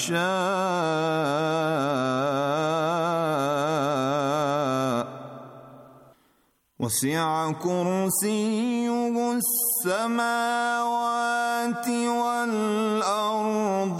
يشاء وسع كرسيه السماوات والأرض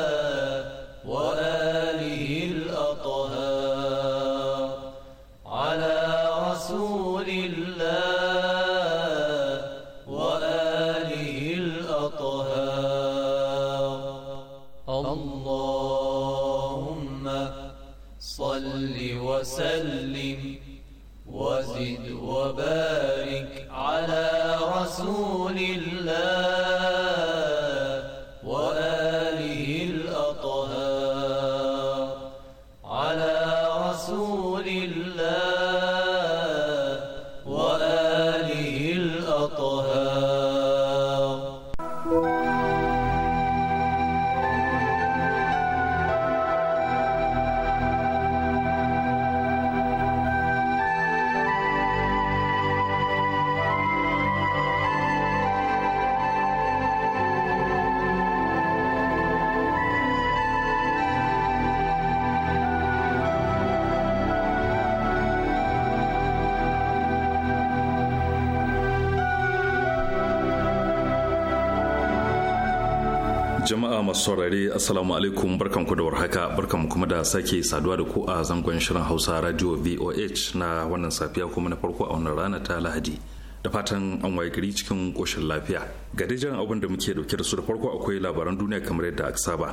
masu saurare assalamu alaikum barkanku da warhaka barkanku kuma da sake saduwa da ku a zangon shirin hausa radio voh na wannan safiya kuma na farko a wannan rana ta lahadi da fatan an waye gari cikin koshin lafiya ga jiran abin da muke dauke da su da farko akwai labaran duniya kamar yadda aka saba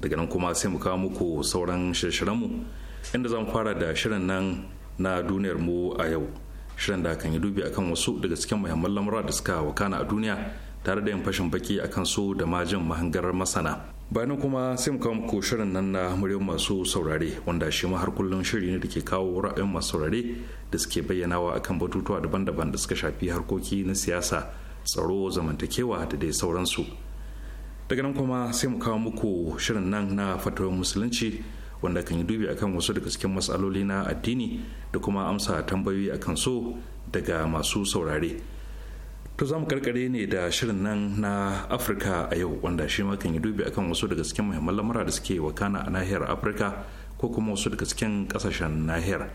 daga nan kuma sai mu kawo muku sauran shirye-shiryenmu inda zan fara da shirin nan na duniyar mu a yau shirin da kan yi dubi akan wasu daga cikin muhimman lamura da suka wakana a duniya tare da yin fashin baki akan su da majin mahangarar masana bayan kuma sai mu kawo muku shirin nan na muryar masu saurare wanda shi ma har kullum shiri ne da ke kawo ra'ayin masu saurare da suke bayyanawa akan batutuwa daban-daban da suka shafi harkoki na siyasa tsaro zamantakewa da dai sauransu daga nan kuma sai mu kawo muku shirin nan na fatawar musulunci wanda kan yi dubi akan wasu daga cikin matsaloli na addini da kuma amsa tambayoyi akan so daga masu saurare to za mu karkare ne da shirin nan na afirka a yau wanda shi ma kan yi dubi akan wasu daga cikin muhimman lamura da suke wakana a nahiyar afirka ko kuma wasu daga cikin kasashen nahiyar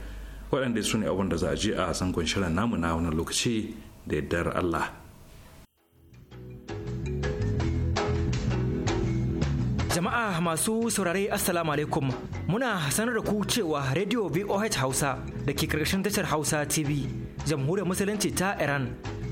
waɗanda su ne abin da za a je a sangon shirin namu na wani lokaci da yardar allah jama'a masu saurare assalamu alaikum muna sanar da ku cewa radio voh hausa da ke karkashin tashar hausa tv jamhuriyar musulunci ta iran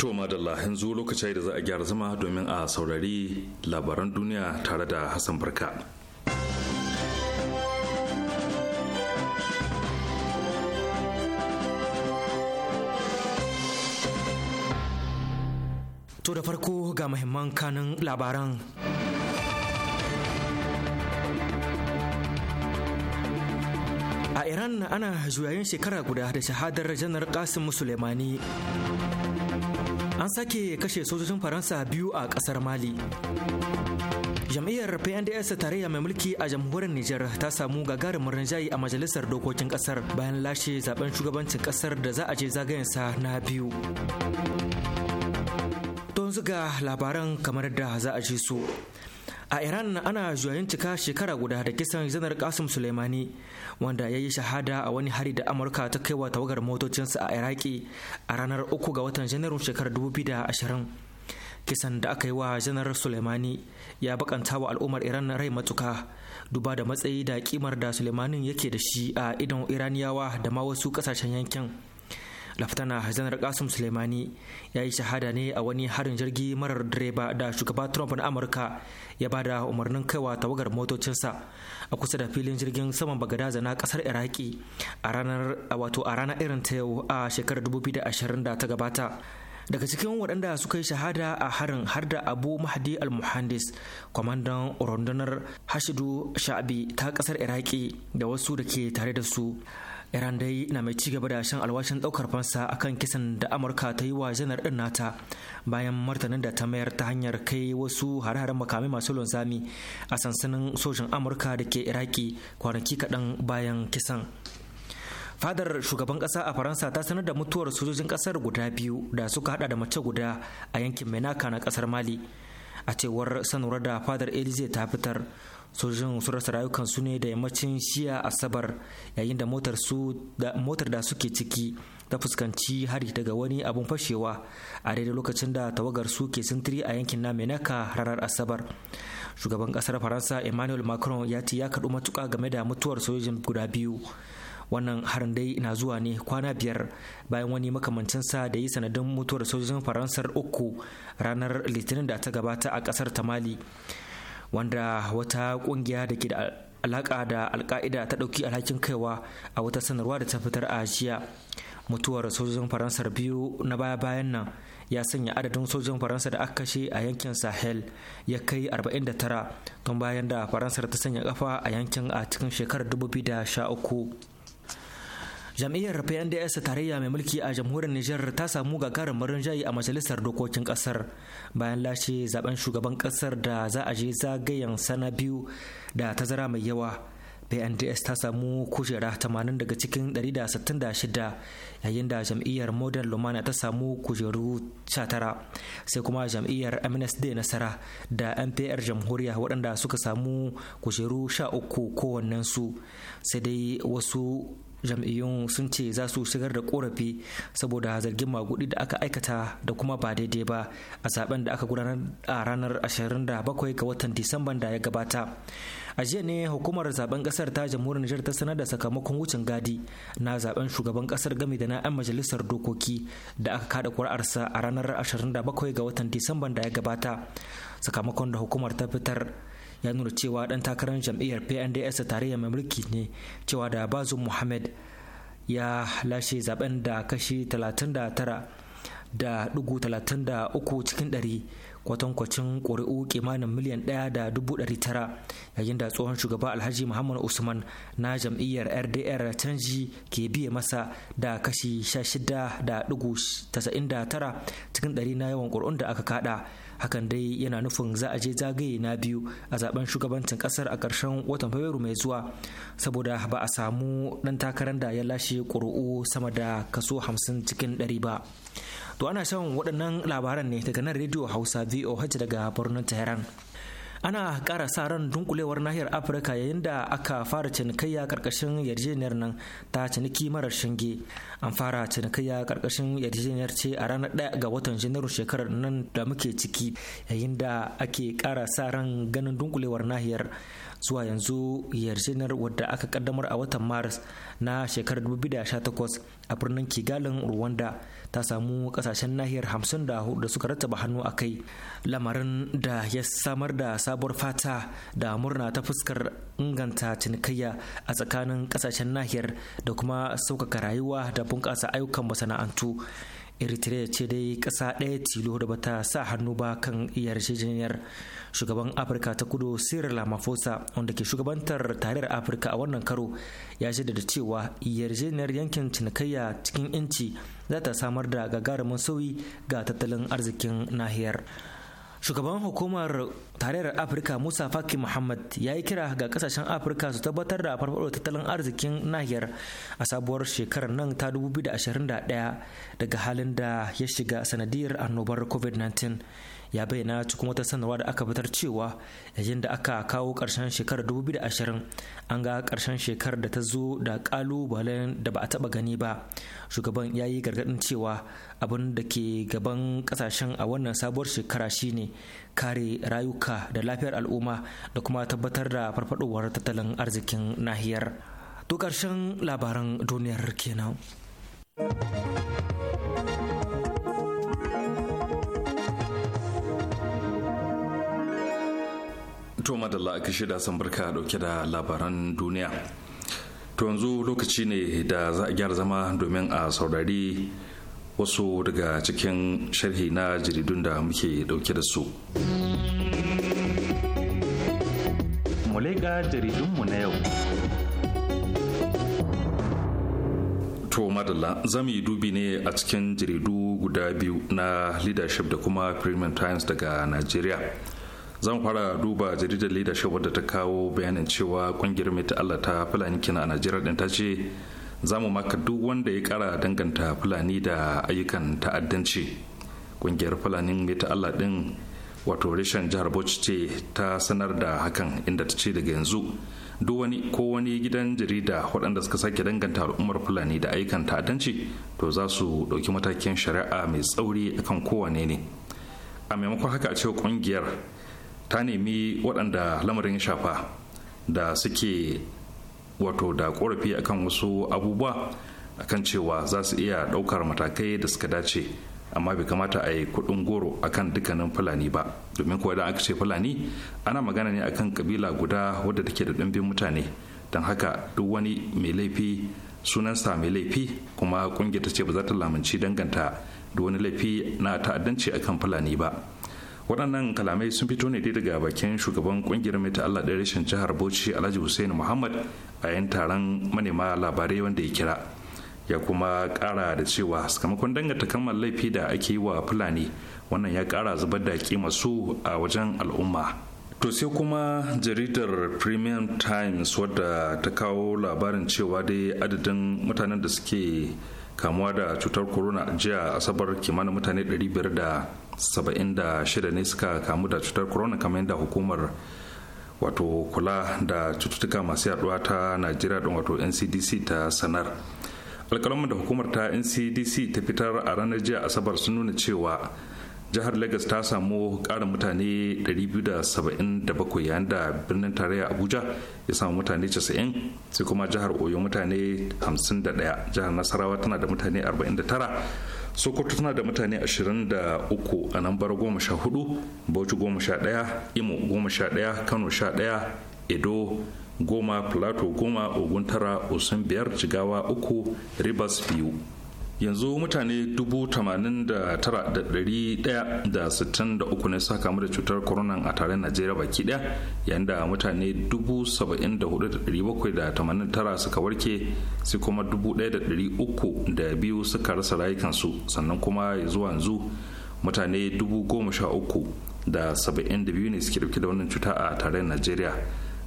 To madalla yanzu lokaci da za a gyara zama domin a saurari labaran duniya tare da Hassan Barka. To da farko ga muhimman kanin labaran. A Iran ana juyayin shekara guda da shahadar janar Qasim Suleimani. an sake kashe sojojin faransa biyu a kasar mali jam'iyyar pnds tarayya mai mulki a jamhuriyar Nijar ta samu gagarumin rinjaye a majalisar dokokin kasar bayan lashe zaben shugabancin kasar da za a je zagayensa na biyu don zuga labaran kamar da za a ji su a iran ana juyayin cika shekara guda da kisan janar kasim suleimani wanda ya yi shahada a wani hari da amurka ta kaiwa tawagar motocinsa a iraki a ranar 3 ga watan janairun shekarar 2020 kisan da aka yi wa janar suleimani ya bakanta wa al'ummar iran rai matuka duba da matsayi da kimar da suleimanin yake da shi a idon iraniyawa da ma wasu kasashen yankin laftana janar kasum suleimani ya yi shahada ne a wani harin jirgi marar direba da shugaba trump na amurka ya ba da umarnin kaiwa tawagar motocinsa a kusa da filin jirgin saman bagadaza na kasar iraki a ranar wato a ranar irin ta yau a shekarar 2020 da ta gabata daga cikin waɗanda suka yi shahada a harin har da abu mahdi al kwamandan rundunar hashidu sha'abi ta ƙasar iraki da wasu da ke tare da su iran dai na mai cigaba da shan alwashin daukar fansa akan kisan da amurka ta yi wa janar din nata bayan martanin da ta mayar ta hanyar kai wasu hare-haren makamai masu lunzami a sansanin sojin amurka da ke iraki kwanaki kaɗan bayan kisan fadar shugaban ƙasa a faransa ta sanar da mutuwar sojojin ƙasar guda biyu da suka hada da mace guda a yankin menaka na ƙasar mali a cewar sanarwar da fadar elize ta fitar sojin su rasa su ne da yammacin shiya asabar yayin da motar da suke ciki ta fuskanci hari daga wani abun fashewa a daidai lokacin da tawagar su ke sintiri a yankin na menaka ranar asabar shugaban kasar faransa emmanuel macron ya ce ya kaɗu matuka game da mutuwar sojojin guda biyu wannan harin dai na zuwa ne kwana biyar bayan wani makamancinsa da yi sanadin mutuwar sojojin faransar uku ranar litinin da ta gabata a kasar tamali wanda wata kungiya da ke da alaka da alka'ida ta dauki alhakin kaiwa a wata sanarwa da ta fitar a jiya mutuwar sojojin faransar biyu na baya-bayan nan ya sanya adadin sojojin faransa da aka kashe a yankin sahel ya kai 49 tun bayan da faransar ta sanya kafa a yankin a cikin shekarar 2013 jam'iyyar pnds tarayya mai mulki a jamhuriyar niger ta samu gagarumin jayi a majalisar dokokin kasar bayan lashe zaben shugaban kasar da za a je zagayen sana biyu da tazara mai yawa pnds ta samu kujera 80 daga cikin 166 yayin da jam'iyyar modern lumana ta samu kujeru 19 sai kuma jam'iyyar mnsd nasara da mpr jamhuriya waɗanda suka samu kujeru 13 kowannensu sai dai wasu jam'iyyun sun ce za su shigar da korafi saboda zargin magudi da aka aikata da kuma ba daidai ba a zaben da aka gudanar a ranar 27 ga watan disamban da ya gabata a jiya ne hukumar zaben kasar ta jamhuriyar Nijar ta sanar da sakamakon wucin gadi na zaben shugaban kasar gami da na majalisar dokoki da aka kada kuri'arsa a ranar 27 ga watan disamban da ya gabata sakamakon da hukumar ta fitar ya nuna cewa dan takarar jam'iyyar pnds tarayya mai mulki ne cewa da bazu muhammad ya lashe zaben da kashi 39 da dugu 33 cikin 100 kwatankwacin ƙuri'u kimanin miliyan 1.9 yayin da tsohon shugaba alhaji muhammad usman na jam'iyyar rdr canji ke biye masa da kashi 16.99 da cikin ɗari na yawan ƙuri'un da aka kada hakan dai yana nufin za a je zagaye na biyu a zaben shugabancin kasar a ƙarshen watan fabrairu mai zuwa saboda ba a samu ɗan takarar da ya lashe ƙuri'u sama da kaso hamsin cikin 100 ba to ana shan waɗannan labaran ne daga nan rediyo hausa voh daga birnin tehran ana ƙara sa ran dunkulewar nahiyar afirka yayin da aka fara cinikayya karkashin yarjejeniyar nan ta ciniki marar shinge an fara cinikayya karkashin yarjejeniyar ce a ranar ɗaya ga watan janairu shekarar nan da muke ciki yayin da ake kara sa ran ganin dunkulewar nahiyar zuwa yanzu yarjejeniyar wadda aka kaddamar a watan maris na shekarar 2018 a birnin kigalin rwanda ta samu kasashen nahiyar hamsin da suka rattaba hannu a kai lamarin da ya samar da sabuwar fata da murna ta fuskar inganta cinikayya a tsakanin kasashen nahiyar da kuma sauƙaƙa rayuwa da bunƙasa ayyukan masana'antu eritrea ce dai ƙasa ɗaya tilo da bata sa hannu ba kan yarjejeniyar shugaban afirka ta kudu cyril ramaphosa wanda ke shugabantar tarayyar afirka a wannan karo ya shaidada cewa yarjejeniyar yankin cinikayya cikin inci za ta samar da gagarumin sauyi ga tattalin arzikin nahiyar shugaban hukumar tarayyar afirka musa faki muhammad ya yi kira ga kasashen afirka su tabbatar da farfaɗo tattalin arzikin nahiyar a sabuwar shekarar nan ta 2021 daga halin da ya shiga sanadiyar annobar covid-19 ya bayyana cikin wata sanarwa da aka fitar cewa yayin da aka kawo karshen shekarar 2020 an ga ƙarshen shekarar da ta zo da kalubalen da ba a taɓa gani ba shugaban ya yi gargaɗin cewa abin da ke gaban ƙasashen a wannan sabuwar shekara shine kare rayuka da lafiyar al'umma da kuma tabbatar da farfadowar tattalin arzikin nahiyar to karshen labaran duniyar kenan To madalla aka shida san barka dauke da labaran duniya. To yanzu lokaci ne da za a gyara zama domin a saurari wasu daga cikin sharhi na jaridun da muke dauke da su. Mulega jaridunmu na yau. To madalla za dubi ne a cikin jaridu guda biyu na leadership da kuma premium times daga Najeriya. zan fara duba jaridar leadership wadda ta kawo bayanin cewa kungiyar mai Allah ta fulani kina a najeriya din ta ce za mu maka duk wanda ya kara danganta fulani da ayyukan ta'addanci kungiyar fulani mai Allah din wato reshen jihar bauchi ce ta sanar da hakan inda ta ce daga yanzu duk wani ko wani gidan jarida waɗanda suka sake danganta al'ummar fulani da ayyukan ta'addanci to za su ɗauki matakin shari'a mai tsauri akan kowane ne a maimakon haka a ce kungiyar ta nemi waɗanda lamarin shafa da suke wato da korafi akan wasu abubuwa akan cewa za su iya ɗaukar matakai da suka dace amma bai kamata a yi kuɗin goro akan dukkanin fulani ba domin kuwa idan aka ce fulani ana magana ne akan kabila guda wadda take da ɗimbin mutane don haka duk wani mai laifi sunansa mai laifi kuma ƙungiyar ta ce ba za ta lamunci danganta da wani laifi na ta'addanci akan fulani ba waɗannan kalamai sun fito ne dai daga bakin shugaban ƙungiyar mai allah da rashin jihar bauchi alhaji hussein muhammad a yan taron manema labarai wanda ya kira ya kuma ƙara da cewa sakamakon danganta kammal laifi da ake yi wa fulani wannan ya ƙara zubar da kima su a wajen al'umma To sai kuma jaridar Premium Times wadda ta kawo labarin cewa dai adadin mutanen da suke kamuwa da cutar corona jiya asabar kimanin mutane 500 da 76 ne suka kamu da cutar corona kamar yadda hukumar wato kula da cututtuka masu yaduwa ta najeriya don wato ncdc ta sanar alkalamin da hukumar ta ncdc ta fitar a ranar jiya asabar sun nuna cewa jihar lagos ta samu karin mutane 277 yayin da birnin tarayya abuja ya samu mutane 90 sai kuma jihar oyo mutane 51 jihar nasarawa tana da mutane 49 sokoto tana da mutane 23 a nan bar 14 bauchi 11 imo 11 kano 11 edo goma plato goma ogun tara osun biyar jigawa 3 ribas biyu yanzu mutane 89,163 ne suka kamu da cutar corona a tare najeriya baki daya yayin da mutane 74,789 suka warke sai kuma 1,302 suka rasa rayukansu sannan kuma ya zuwa yanzu mutane 13,072 ne suke dauke da wannan cuta a tarayyar najeriya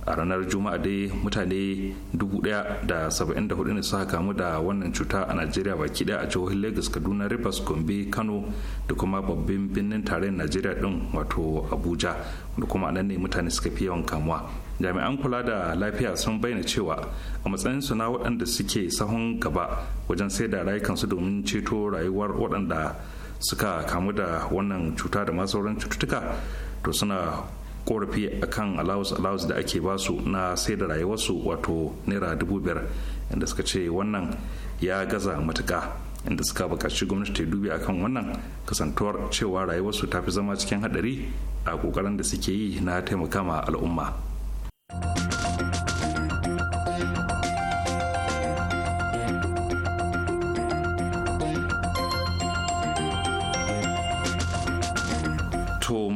a ranar juma'a dai mutane saba'in 1,074 ne suka kamu da wannan cuta a najeriya baki daya a jihohin lagos kaduna rivers gombe kano da kuma babban birnin tarayyar najeriya din wato abuja da kuma nan ne mutane suka fi yawan kamuwa jami'an kula da lafiya sun bayyana cewa a matsayin su na waɗanda suke sahun gaba wajen sai da rayukansu domin ceto rayuwar waɗanda suka kamu da wannan cuta da ma sauran cututtuka to suna korafi akan kan allowance da ake basu na sai da rayuwarsu wato naira dubu biyar inda suka ce wannan ya gaza matuka inda suka bukaci gwamnati ta dubi akan wannan kasantuwar cewa rayuwarsu ta fi zama cikin hadari a kokarin da suke yi na taimaka ma al'umma.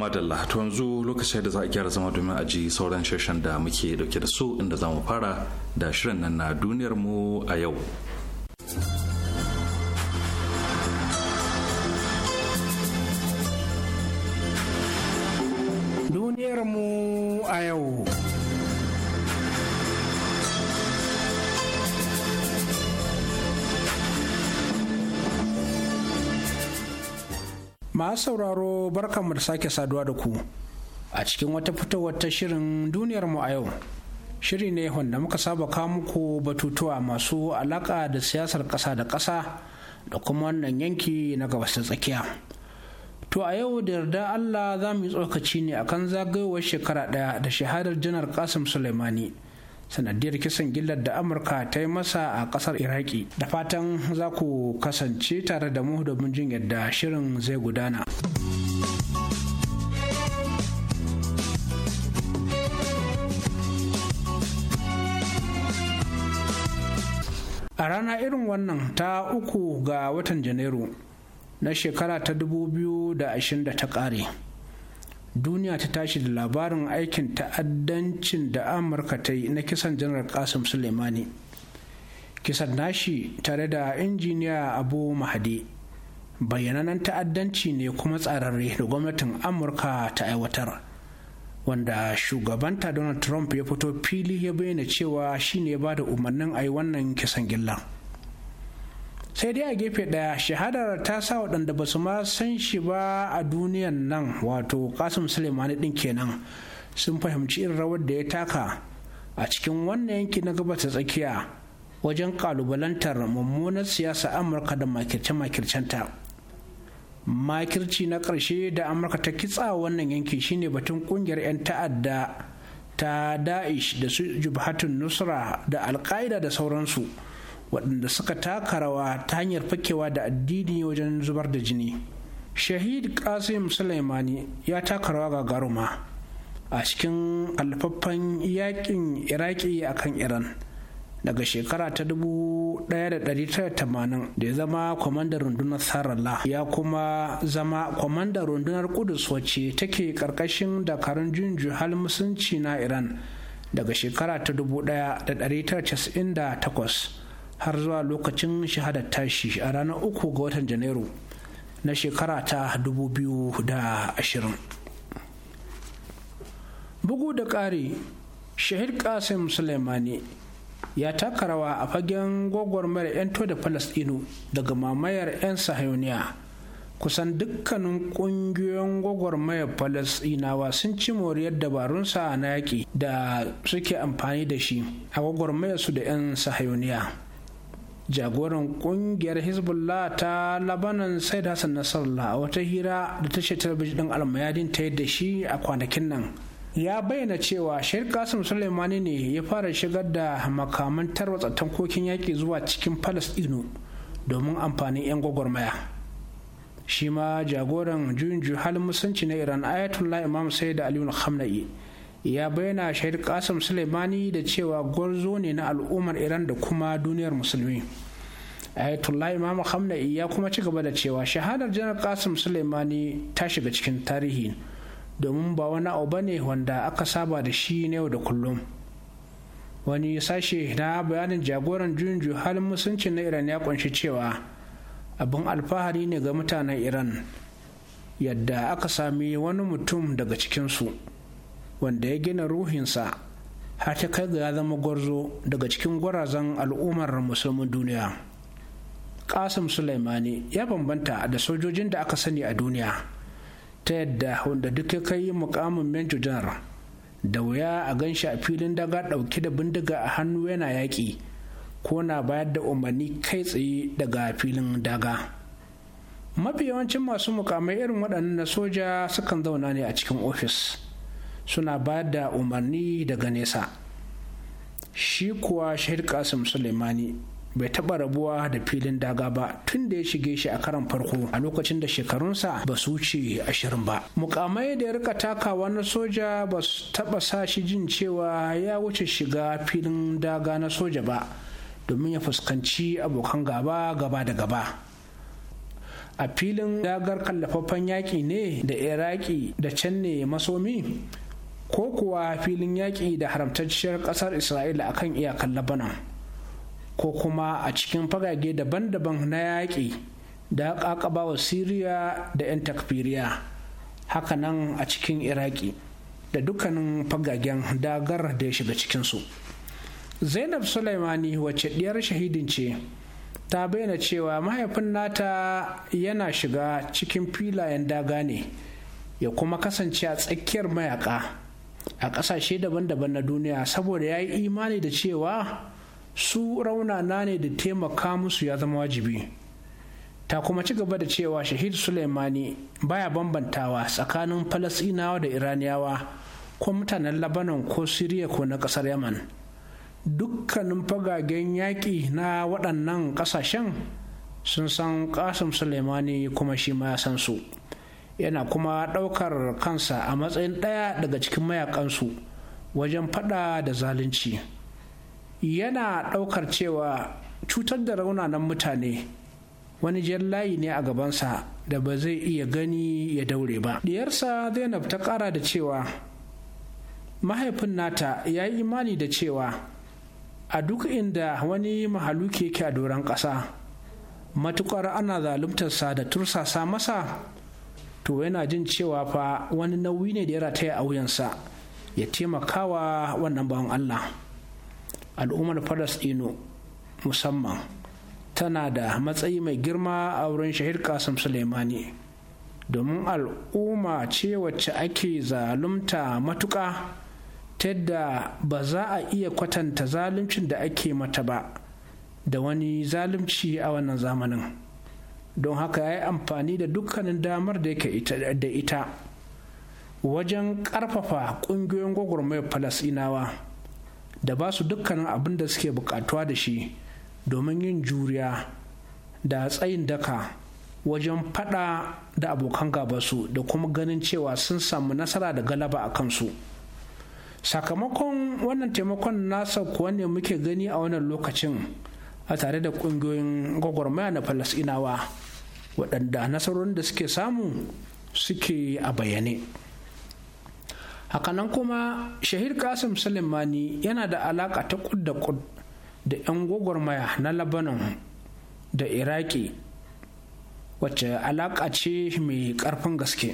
madalla to yanzu lokacin da za a gyara zama domin a ji sauran sheshen da muke dauke da su inda za mu fara da shirin nan na duniyar mu a yau duniyar mu a yau masu sauraro barkanmu da sake saduwa da ku a cikin wata fitowar ta shirin duniyar mu a yau shiri ne wanda muka saba kawo muku batutuwa masu alaka da siyasar ƙasa da ƙasa da kuma wannan yanki na gabas ta tsakiya to a yau da yarda allah za mu yi tsokaci ne akan zagayowar shekara ɗaya da shahadar janar kasim suleimani sanadiyar kisan gillar da amurka ta yi masa a kasar iraki da fatan za ku kasance tare da mu domin jin yadda shirin zai gudana a rana irin wannan ta uku ga watan janairu na shekara ta 2020 ta ƙare duniya ta tashi da labarin aikin ta'addancin da amurka ta yi na kisan janar kasim suleimani kisan nashi tare da injiniya abu mahadi bayyananan ta'addanci ne kuma tsararre da gwamnatin amurka ta aiwatar wanda shugabanta donald trump ya fito fili ya bayyana cewa shine ya ba da umarnin a yi wannan kisan gillan sai dai a gefe ɗaya shahadar ta sa waɗanda ba su ma san shi ba a duniyan nan wato kasim suleimani ɗin kenan sun fahimci irin rawar da ya taka a cikin wannan yanki na gabas ta tsakiya wajen kalubalantar mummunar siyasa amurka da makirce makircen ta makirci na ƙarshe da amurka ta kitsa wannan yanki shine batun ƙungiyar 'yan ta'adda ta da'ish da su jubhatun nusra da alka'ida da sauransu waɗanda suka taka rawa ta hanyar fakewa da addini wajen zubar da jini shahid kasim sulaimani ya taka rawa gagaruma a cikin alfaffan yakin iraki a kan iran daga shekara ta 1980 da ya zama kwamandar rundunar sarala ya kuma zama kwamandar rundunar kudus wacce take karkashin dakarun junju hal musunci na iran daga shekara ta 1998 har zuwa lokacin shahadar tashi a ranar uku ga watan janairu na shekara ta 2020 bugu da ƙari shahid kasim suleimani ya taka rawa a fagen gwagwarmayar 'yanto da falastinu daga mamayar 'yan sahayoniya kusan dukkanin ƙungiyoyin gwagwarmayar falastinawa sun ci moriyar dabarunsa na yaƙi da suke amfani da shi a gwagwarmayarsu da 'yan sahayoniya jagoran kungiyar hezbollah ta labanan said hassan nasarallah a wata hira da tashar talabijin din almayadin ta yadda shi a kwanakin nan ya bayyana cewa shahid kasim suleimani ne ya fara shigar da makaman tarwatsa tankokin yaƙi zuwa cikin palestino domin amfanin 'yan gwagwarmaya shi ma jagoran juyin juhal musanci na iran ayatollah imam sayyid aliyu khamenei ya bayyana shahid kasim suleimani da cewa gwarzo ne na al'ummar iran da kuma duniyar musulmi ayatollah imam hamna ya kuma ci gaba da cewa shahadar janar kasim suleimani ta shiga cikin tarihi domin ba wani abu bane wanda aka saba da shi na yau da kullum wani sashe na bayanin jagoran juyin halin musulunci na iran ya kunshi cewa abin alfahari ne ga mutanen iran yadda aka sami wani mutum daga cikinsu wanda ya gina ruhinsa har ta kai ga ya zama gwarzo daga cikin gwarazan al'ummar musulmin duniya kasim sulaimani ya bambanta da sojojin da aka sani a duniya ta yadda wanda duk ya kai mukamin major general da wuya a gan shi a filin daga ɗauke da bindiga a hannu yana yaƙi ko na bayar da umarni kai tsaye daga filin daga mafi yawancin masu mukamai irin waɗannan na soja sukan zauna ne a cikin ofis suna ba da umarni daga nesa shi kuwa shahid kasim suleimani bai taɓa rabuwa da filin daga ba tun da ya shige shi a karan farko a lokacin da shekarunsa ba su wuce ashirin ba mukamai da ya rika takawa na soja ba su taɓa sa shi jin cewa ya wuce shiga filin daga na soja ba domin ya fuskanci abokan gaba gaba da gaba a filin dagar kallafaffen yaƙi ne da iraki da can ne masomi ko kuwa filin yaƙi da haramtacciyar ƙasar isra'ila a kan iyakar labanan ko kuma a cikin fagage daban-daban na yaƙi da ƙaƙaba wa siriya da 'yan takfiriya haka nan a cikin iraki da dukkanin fagagen dagar da ya shiga cikinsu zainab sulaimani wacce ɗiyar shahidin ce ta bayyana cewa mahaifin nata yana shiga cikin filayen daga ne ya kuma kasance a tsakiyar mayaka a ƙasashe daban-daban na duniya saboda ya yi imani da cewa su raunana ne da taimaka musu ya zama wajibi ta kuma ci gaba da cewa shahid suleimani baya bambantawa tsakanin falasinawa da iraniyawa ko mutanen labanon ko siriya ko na ƙasar yaman dukkanin fagagen yaƙi na waɗannan ƙasashen sun san kasim suleimani kuma shi ma ya san su yana kuma ɗaukar kansa a matsayin ɗaya daga cikin mayakansu wajen faɗa da zalunci yana ɗaukar cewa cutar da raunanan mutane wani jan layi ne a gabansa da ba zai iya gani ya daure ba diyarsa zainab ta ƙara da cewa mahaifin nata ya yi imani da cewa a duk inda wani mahaluki yake a doron ƙasa matuƙar ana zaluntarsa da tursasa masa to yana jin cewa fa wani nauyi ne da ya rataya a wuyansa ya taimakawa wannan bawan Allah al'ummar Falasɗinu musamman tana da matsayi mai girma a wurin shahid Kasim Suleimani domin al'umma ce wacce ake zalumta matuƙa ta yadda ba za a iya kwatanta zaluncin da ake mata ba da wani zalunci a wannan zamanin. don haka ya yi amfani da dukkanin damar da yake da ita wajen karfafa ƙungiyoyin gwagwarmayar falasinawa da ba su dukkanin abin da suke bukatuwa da shi domin yin juriya da tsayin daka wajen faɗa da abokan gabasu da kuma ganin cewa sun samu nasara da galaba a kansu sakamakon wannan taimakon nasa kuwa ne muke gani a wannan lokacin a tare da ƙungiyoyin gwagwarmaya na falasinawa waɗanda nasarorin da suke samu suke a bayyane hakanan kuma shahir kasim sulemani yana da alaƙa ta kud da kud da 'yan gwagwarmaya na labanon da iraki wacce alaƙa ce mai ƙarfin gaske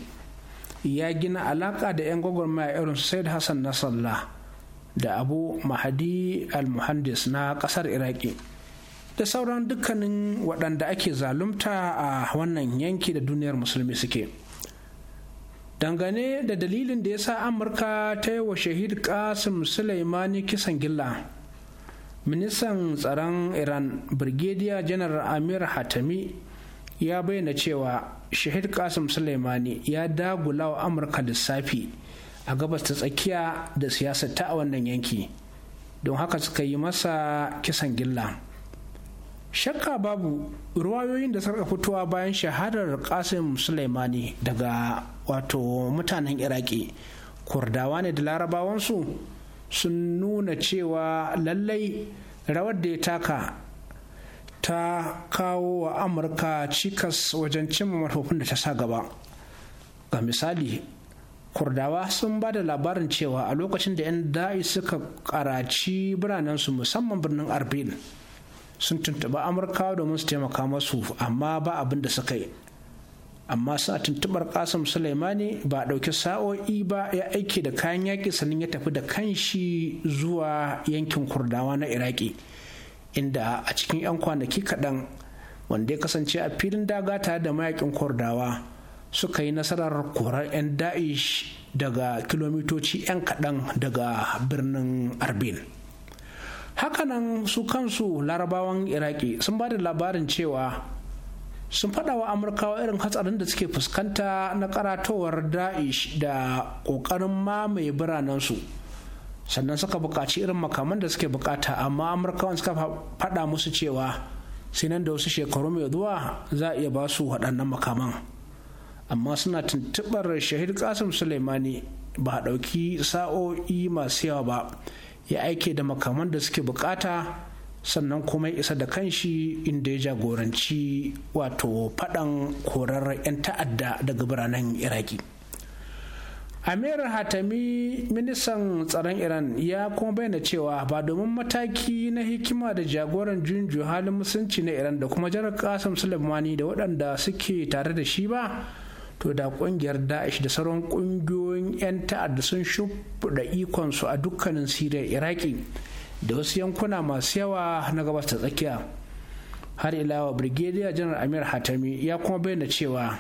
ya gina alaƙa da 'yan gwagwarmaya irin said hassan nasallah da abu mahadi al-muhandis na kasar iraki da sauran dukkanin waɗanda ake zalunta a wannan yanki da duniyar musulmi suke dangane da dalilin da ya sa amurka ta yi wa shahid kasim suleimani kisan gilla ministan tsaron iran brigadier Janar amir hatami ya bayyana cewa shahid kasim suleimani ya dagula wa amurka lissafi a gabas ta tsakiya da siyasa ta a wannan yanki don haka suka yi masa kisan gilla shakka babu ruwayoyin da suka fitowa bayan shahadar kasim sulaimani daga wato mutanen iraki kurdawa ne da larabawansu sun nuna cewa lallai rawar da ya taka ta kawo wa amurka cikas wajen cimma mafofin da ta sa gaba ga misali kurdawa sun ba da labarin cewa a lokacin da 'yan da'i suka karaci biranensu musamman birnin arbil sun tuntuɓa amurka domin su taimaka masu amma ba abin da suka yi amma suna tuntuɓar kasim suleimani ba a ɗauki sa'o'i ba ya aiki da kayan yaƙi sannan ya tafi da kanshi zuwa yankin kurdawa na iraki inda a cikin 'yan kwanaki kaɗan wanda ya kasance a filin daga tare da mayakin kurdawa suka yi nasarar korar 'yan da'ish daga kilomitoci 'yan kaɗan daga birnin arbin. hakanan su kansu larabawan iraki sun ba da labarin cewa sun faɗa wa amurkawa irin hatsarin da suke fuskanta na karatowar da'ish da ƙoƙarin mamaye biranensu sannan suka bukaci irin makaman da suke bukata amma amurkawan suka faɗa musu cewa sai nan da wasu shekaru mai zuwa za a iya ba su waɗannan makaman amma suna tuntuɓar shahid kasim suleimani ba a ɗauki sa'o'i masu yawa ba ya aike da makaman da suke bukata sannan kuma ya isa da kanshi inda ya jagoranci wato faɗan korar 'yan ta'adda daga biranen iraki amir hatami ministan tsaron iran ya kuma bayyana cewa ba domin mataki na hikima da jagoran junju halin musulunci na iran da kuma jarar kasar sulaimani da waɗanda suke tare da shi ba to da kungiyar da'ish da sauran kungiyoyin 'yan ta'adda sun ikon ikonsu a dukkanin siriya iraki da wasu yankuna masu yawa na gabas ta tsakiya har ilawa brigadier janar amir hatami ya kuma bayyana cewa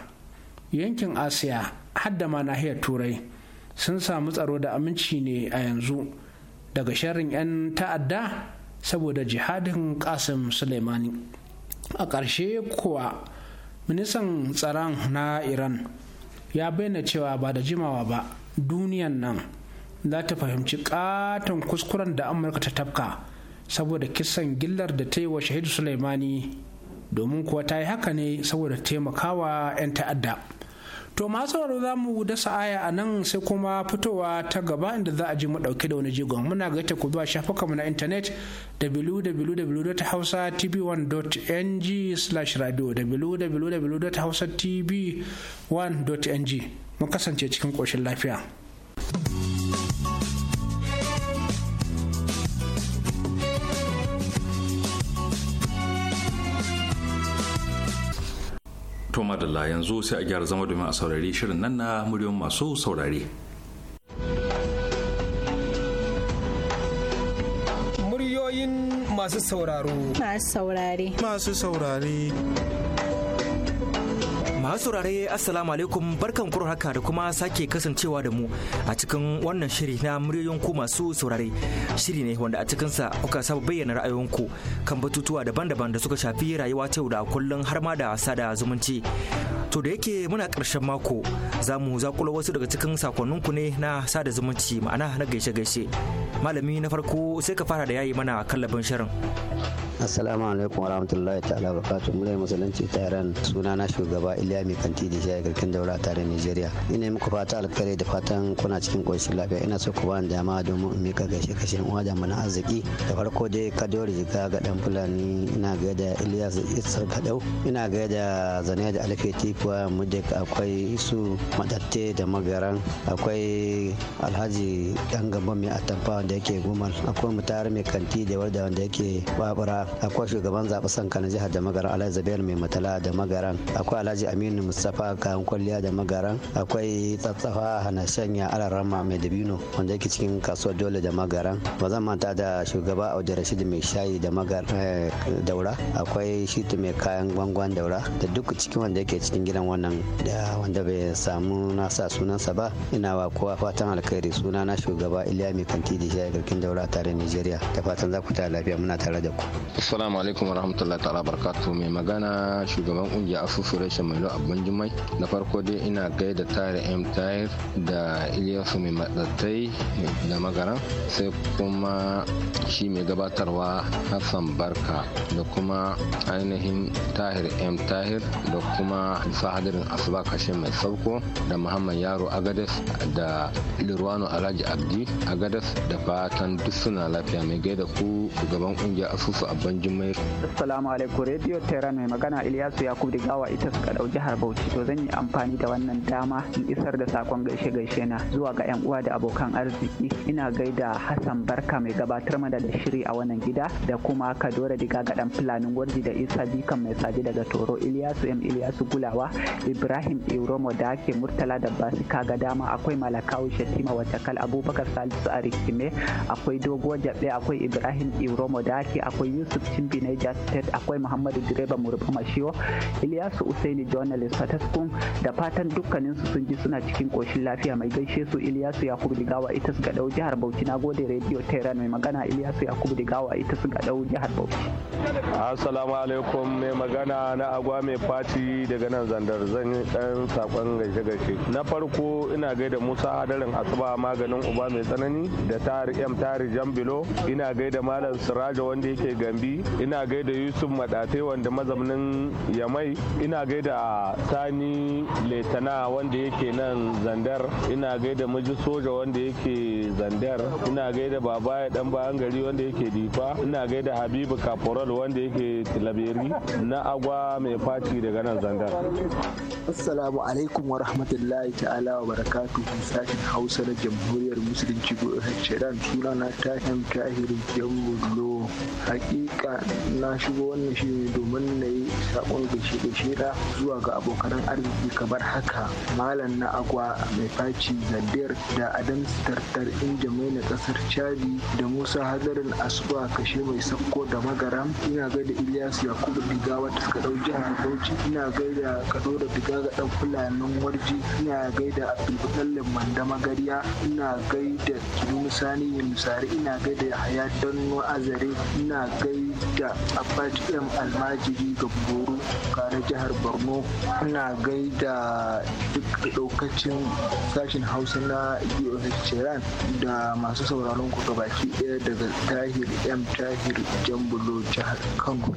yankin asiya hadda ma nahiyar turai sun samu tsaro da aminci ne a yanzu daga sharrin 'yan ta'adda saboda jihadin kasim suleimani a ƙarshe kuwa ministan tsaron na iran ya bayyana cewa ba da jimawa ba duniyan nan za ta fahimci katon kuskuren da amurka ta tafka saboda kisan gillar da ta yi wa shahidu sulaimani domin kuwa ta yi haka ne saboda taimakawa 'yan ta'adda to masu za mu dasa aya a nan sai kuma fitowa ta gaba inda za a ji mu dauke da wani jigon muna ta ku zuwa mu na intanet www.hausatv1.ng slash radio www.hausatv1.ng mu kasance cikin koshin lafiya. To madalla yanzu sai a gyara zama domin a saurari shirin nan na muryoyin masu saurare. Muryoyin masu sauraro. Masu saurare. Masu saurare. Masu saurare Assalamu alaikum barkan kuro haka da kuma sake kasancewa da mu a cikin wannan shiri na muryoyin masu saurare. Shiri ne wanda a cikinsa kuka saba bayyana ra'ayoyinku kan batutuwa daban-daban da suka shafi rayuwa ta yau da kullum har ma da sada zumunci. To da yake muna karshen mako za mu zakulo wasu daga cikin sakonninku ne na sada zumunci ma'ana na gaishe-gaishe. Malami na farko sai ka fara da yayi mana kallabin shirin. Assalamu alaikum warahmatullahi ta'ala barakatuh. Mulai musulunci ta Iran sunana shugaba Ilya iliya mai kanti da shayi garkin daura tare nigeria ina muku fata alkhairi da fatan kuna cikin ƙoshin lafiya ina so ku bani dama domin in mika gaishe kashe uwa da mana arziki da farko dai kadori riga ga dan fulani ina gaida ilyas isar Kadau. ina gaida zane da alfe tifuwa mudik akwai su madatte da magaran akwai alhaji dan gaba mai atamfa wanda yake gumal akwai mutar mai kanti da warda wanda yake babura akwai shugaban zaɓe sanka na jihar da magaran alhaji zabiyar mai matala da magaran akwai alhaji amin aminu mustapha kayan kwalliya da magaran akwai tsatsafa hana shanya alarama mai dabino wanda yake cikin kasuwar dole da magaran ba zan manta da shugaba audu rashid mai shayi da magar eh, daura akwai shitu mai kayan gwangwan daura da duk cikin wanda yake cikin gidan wannan da wanda bai samu nasa sunansa ba ina wa kowa fatan alkhairi suna na shugaba iliya mai kanti da shayi garkin daura tare nigeria da fatan za ku ta lafiya muna tare da ku assalamu alaikum warahmatullahi ta'ala barkatu mai magana shugaban kungiyar asusu rashin mai abun jimai na farko dai ina gaida tare m tahir da iliyasu mai matsattai da magaran sai kuma shi mai gabatarwa hassan barka da kuma ainihin tahir m tahir da kuma sahadarin asuba kashe mai sauko da muhammad yaro agades da lirwano alhaji abdi agades da fatan duk suna lafiya mai gaida ku gaban kungiyar asusu abban jimai assalamu alaikum radio mai magana iliyasu yakub gawa ita suka dauki jihar Bauchi to zan yi amfani da wannan dama in isar da sakon gaishe-gaishe na zuwa ga 'yan uwa da abokan arziki ina gaida Hassan Barka mai gabatar mana da shiri a wannan gida da kuma Kadora Diga ga dan Fulanin Gwarji da Isa Bikan mai saje daga Toro Iliyasu M Iliyasu Gulawa Ibrahim Iromo da ake Murtala da Basi kaga dama akwai Malakawu Shatima Watakal Abubakar Salisu Arikime akwai Dogo Jabe akwai Ibrahim Iromo da ake akwai Yusuf Chimbi Niger State akwai Muhammadu Direba Murba Mashiwo Iliyasu Usaini John analyst statistics da fatan dukkanin su sun ji suna cikin koshin lafiya mai gaishe su Ilyasu Yakubu Digawa ita su gadau jihar Bauchi na gode radio Tehran mai magana Ilyasu Yakubu Digawa ita su gadau jihar Bauchi. Assalamu alaikum mai magana na agwa mai fati daga nan zandar zan dan sakon gaishe gaishe. Na farko ina gaida Musa Hadarin Asuba maganin uba mai tsanani da Tari M Tari Jambilo ina gaida Malam Siraja wanda yake Gambi ina gaida Yusuf Madate wanda mazaunin Yamai ina gaida sani letana wanda yake nan zandar ina gaida miji soja wanda yake zandar ina gaida babaya dan bayan gari wanda yake difa ina gaida habibu kaporal wanda yake tilaberi na agwa mai faci daga nan zandar assalamu alaikum wa rahmatullahi ta'ala wa barakatuhu sashen hausa na jamhuriyar musulunci shirin suna na tahin tahirin yawon hakika na shigo wannan shi domin na yi sakon gashi da shida zuwa ga abokanan arziki kamar haka malam na agwa mai faci zandir da adam tartar mai na kasar chadi da musa hadarin asuba kashe mai sakko da magaram ina da ilyas yakubu diga wata suka dau jihar bauchi ina da kado da diga ga dan fulanin warji ina gaida abdulbutallin manda magariya ina da kinu musani musari ina da yahaya don azare ina ga da abad m almajiri ga buru kare jihar borno ina gaida duk daukacin sashen hausa na boh da masu sauraron ku gabaki daya daga tahir m tahir jambulo jihar kano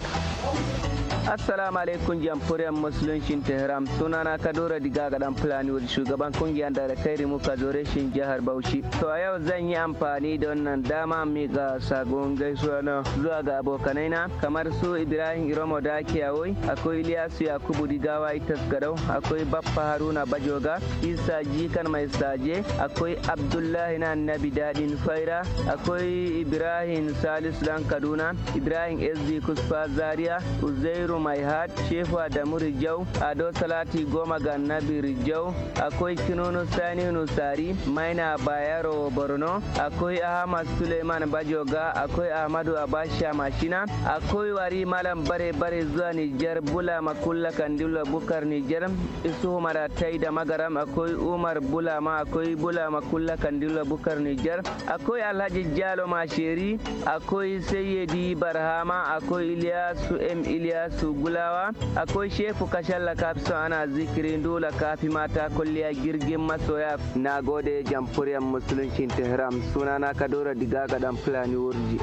assalamu alaikum jamhuriyar musuluncin tehran sunana kadora diga ga dan fulani shugaban kungiyar da kai muka zo rashin jihar bauchi to a yau zan yi amfani da wannan dama mi ga sagon gaisuwa na zuwa ga abokan bayanai na kamar su Ibrahim Iromo da yawoi akwai iliyasu Yakubu Digawa Itas Gadau akwai Baffa Haruna Bajoga Isa Jikan Mai Saje akwai Abdullahi na Nabi Dadin Faira akwai Ibrahim Salisu Dan Kaduna Ibrahim SD Kusfa Zaria Uzairu Mai Had shefa Adamu Rijau Ado Salati Goma ga Nabi Rijau akwai Kinunu Sani Nusari Maina Bayero Borno akwai Ahmad Suleiman Bajoga akwai Ahmadu Abasha Mashina kenan akwai wari malam bare bare zuwa nijar bula makulla kandula bukar nijar isu maratai da magaram akwai umar bula ma akwai bula makulla kandula bukar nijar akwai alhaji jalo masheri akwai sayyidi barhama akwai iliyasu m iliyasu gulawa akwai shefu kashalla kafso ana zikiri dole kafi mata kulliya girgin masoya na gode jamfuriyar musulunci tehran sunana kadora diga ga dan fulani wurji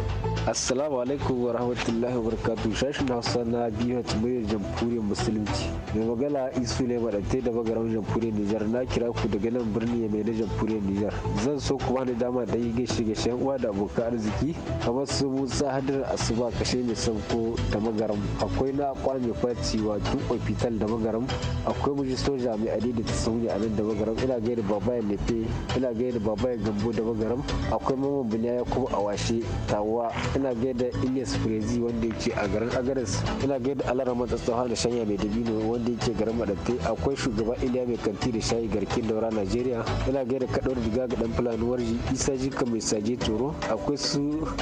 assalamu alaikum wa rahmatullahi wabarakatuh shashin hausa na biyu muryar jamhuriyar musulunci mai magana isu ne maɗantai da magaran jamhuriyar nijar na kira ku daga nan birni ya maida na jamhuriyar nijar zan so ku bani dama da yi gaishe gaishe yan uwa da abokan arziki kamar su musa hadar asuba kashe mai ko da magaram akwai na kwame faci wato ofital da magaram akwai muji soja mai adi da ta sauni a nan da magaram ina gaida babaya nefe ina gaida babaya gambo da magaram akwai mamman biniya ya a washe tawa ina gaida ilyas fure magazi wanda yake a garin agares ina gaida alarama da tsohon da shanya mai dabino wanda yake garin madatte akwai shugaba iliya mai kanti da shayi garkin daura najeriya ina gaida kaɗauwar diga ga dan fulani warji isa jika mai saje toro akwai su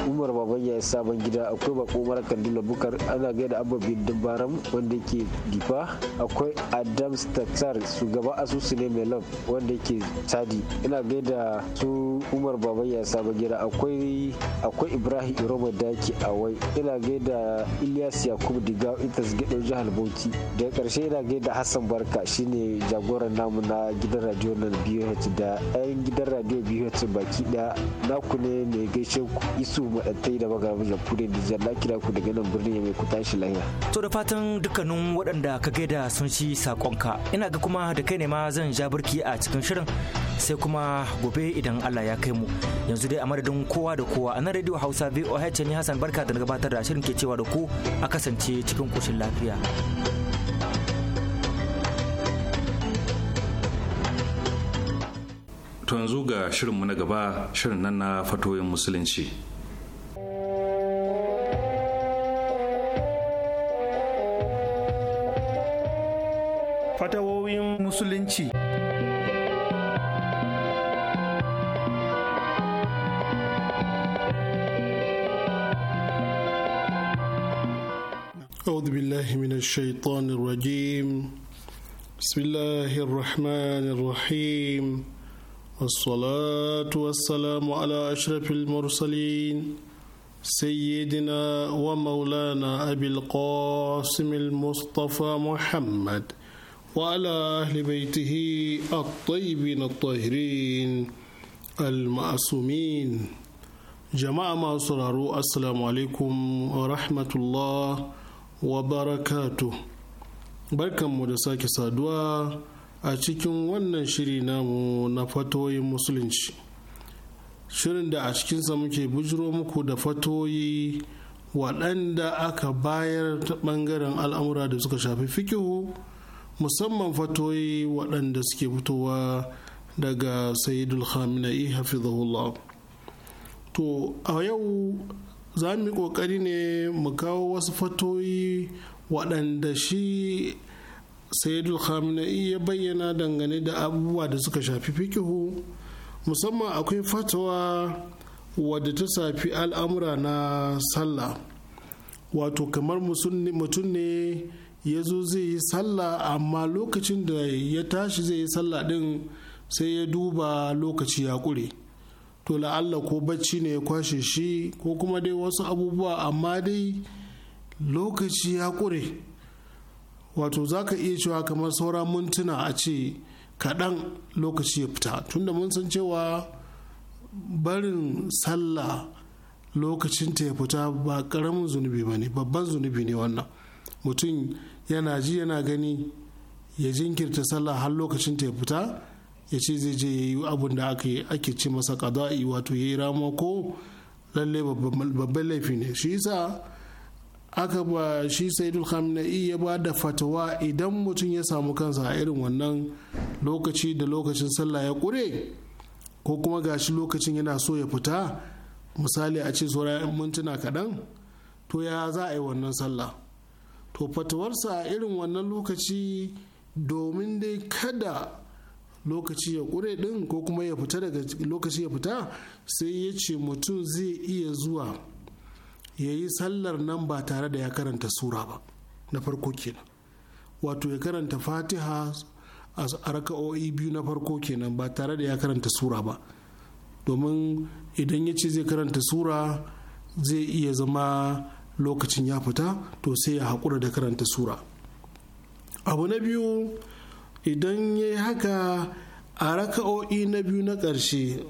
umar babanya sabon gida akwai bako mara kandila bukar ana gaida ababin dabaram wanda yake difa akwai adam statar shugaba asusu ne mai love wanda yake tadi ina gaida su umar babanya sabon gida akwai akwai ibrahim iroma daki wai. ina gaida Ilyas Yakubu Diga Itas Gedo jihar Bauchi. Da karshe ina gaida Hassan Barka shine jagoran namu na gidan radio nan BH da 'yan gidan radio BH baki na ku ne mai gaishe ku isu madattai da magabin jamhuriyar Nijar na kira ku daga nan birnin mai ku tashi lahiya. To da fatan dukkanin waɗanda ka gaida sun ci sakonka ina ga kuma da kai ne ma zan ja birki a cikin shirin sai kuma gobe idan Allah ya kai mu yanzu dai a madadin kowa da kowa a nan radio Hausa VOH ne Hassan barka da gabatar da shirin ke cewa da ku a kasance cikin koshin lafiya. To yanzu ga shirinmu na gaba shirin nan na fatoyin musulunci. Fatawoyin musulunci. أعوذ بالله من الشيطان الرجيم بسم الله الرحمن الرحيم والصلاة والسلام على أشرف المرسلين سيدنا ومولانا أبي القاسم المصطفى محمد وعلى أهل بيته الطيبين الطاهرين المعصومين جماعة ما السلام عليكم ورحمة الله wa barakatu barkanmu da sake saduwa a cikin wannan shiri namu na fatoyin musulunci shirin da a cikinsa muke bujiro muku da fatoyi waɗanda aka bayar ta ɓangaren al'amura da suka shafi fikihu musamman fatoyi waɗanda suke fitowa daga sayidul khaminai hafizahullah to a yau za mu yi kokari ne mu kawo wasu fatoyi waɗanda shi sayyidul khamenei ya bayyana dangane da abubuwa da suka shafi fikihu musamman akwai fatawa wadda ta safi al'amura na sallah wato kamar mutum ne ya zo zai yi sallah amma lokacin da ya tashi zai yi sallah din sai ya duba lokaci ya ƙure to la'alla ko bacci ne ya kwashe shi ko kuma dai wasu abubuwa amma dai lokaci ya kure wato za ka iya cewa kamar saura mintuna a ce kaɗan lokaci ya fita tunda mun san cewa barin sallah lokacinta ya fita ba ƙaramin zunubi ba ne babban zunubi ne wannan mutum yana ji yana gani ya jinkirta sallah har lokacinta ya fita ya ce zai je ya yi abin da ake ce masa kazai wato ya yi rama ko lalle babban laifi ne shi yasa aka ba shi saidul khamenei ya ba da fatawa idan mutum ya samu kansa a irin wannan lokaci da lokacin sallah ya kure ko kuma gashi lokacin yana so ya fita misali a ce sauran mintuna kaɗan to ya za a yi wannan sallah to fatawarsa a irin wannan lokaci domin dai kada lokaci ya kure din ko kuma ya fita daga lokaci ya fita sai ya ce mutum zai iya zuwa ya yi sallar nan ba tare da ya karanta sura ba na farko kenan wato ya karanta fatiha a raka'o'i biyu na farko kenan ba tare da ya karanta sura ba domin idan ya ce zai karanta sura zai iya zama lokacin ya fita to sai ya haƙura da karanta sura abu na biyu idan ya yi haka a raka'o'i na biyu na ƙarshe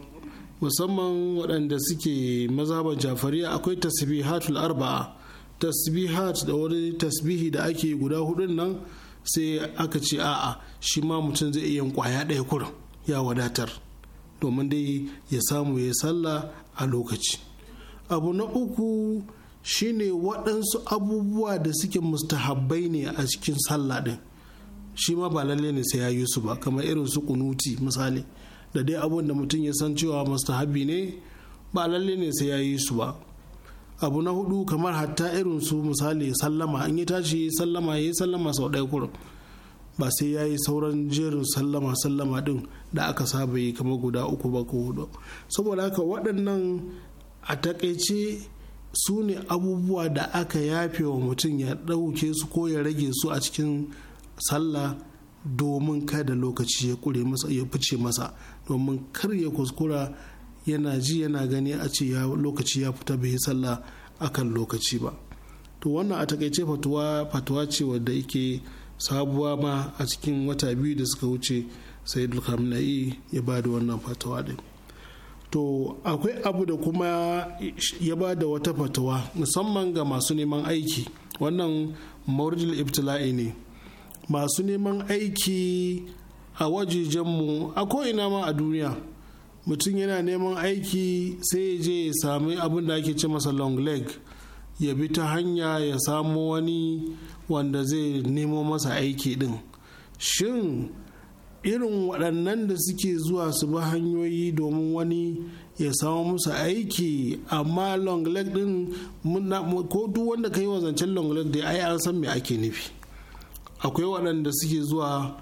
musamman waɗanda suke mazaban jafariya akwai tasbihatul arba'a tasbihat da wani tasbihi da ake guda hudun nan sai aka ce a'a shi ma mutum zai iya kwaya ɗaya kurin ya wadatar domin dai ya samu ya sallah a lokaci abu na uku shine waɗansu abubuwa da suke mustahabbai ne a cikin sallah ɗin shi ma ba lalle ne sai ya yi su ba kamar irin su kunuti misali da dai abun da mutum ya san cewa mustahabi ne ba lalle ne sai ya yi su ba abu na hudu kamar hatta irin su misali sallama in ya tashi sallama ya yi sallama sau ɗaya kurin ba sai ya yi sauran jerin sallama sallama din da aka saba yi kamar guda uku ba ko hudu saboda haka waɗannan a takaice su ne abubuwa da aka yafe wa mutum ya ɗauke su ko ya rage su a cikin sallah domin kada lokaci ya kure masa ya fice masa domin kar ya kuskura yana ji yana gani a ce lokaci ya fita bai sallah akan lokaci ba to wannan a takaice fatuwa fatuwa ce wadda yake sabuwa ma a cikin wata biyu da suka wuce sai dulkamna'i ya ba da wannan fatuwa din to akwai abu da kuma ya ba da wata fatuwa musamman ga masu neman aiki wannan maurjil ibtila'i ne masu neman aiki a wajejenmu a ko'ina ma a duniya mutum yana neman aiki sai ya je ya sami abin da ake ce masa long leg ya bi ta hanya ya samo wani wanda zai nemo masa aiki din shin irin waɗannan da suke zuwa su bi hanyoyi domin wani ya samu musu aiki amma long leg din ko duk wanda ka yi wa zancen long leg da ai an san me ake nufi akwai waɗanda suke zuwa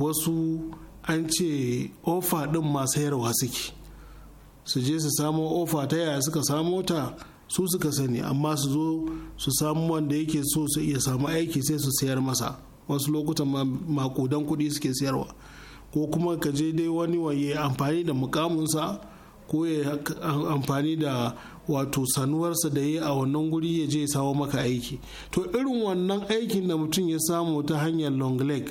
wasu an ce ofa ɗin masu yarwa suke su je su samo ofa ta yaya suka samo ta su suka sani amma su zo su samu wanda yake so su iya samu aiki sai su sayar masa wasu lokutan makudan kuɗi suke sayarwa ko kuma ka je dai wani waye amfani da mukamunsa ko ya amfani da wato sanuwarsa da ya a wannan guri ya je ya sawo maka aiki to irin wannan aikin da mutum ya samu ta hanyar long leg